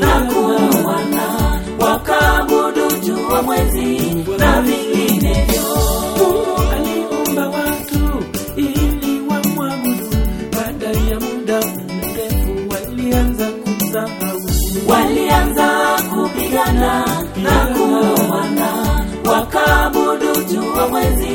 na wakabudu wakaabudu wa mwezi na vinginevyo mungu aliumba watu ili wamwabudu baada ya muda mrefu walianza kumsahau walianza kupigana na kuoana wakaabudu jua mwezi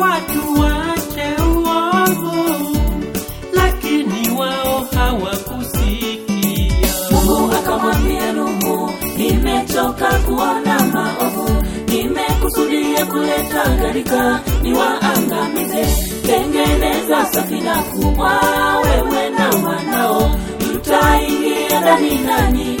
watu wache uovu, lakini wao hawakusikia. Mungu akamwambia Nuhu, nimechoka kuona maovu, nimekusudia kuleta gharika niwaangamize. Tengeneza safina kubwa, wewe na wanao, mtaingia ndani nani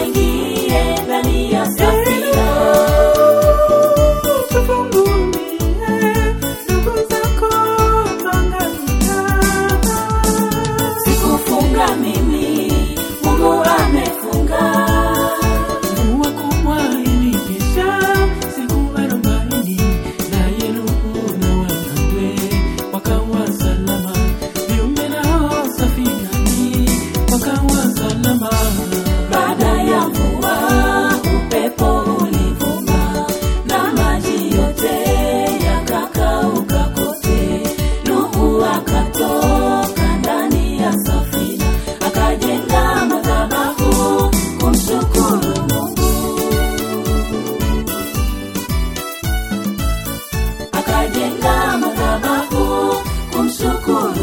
louco.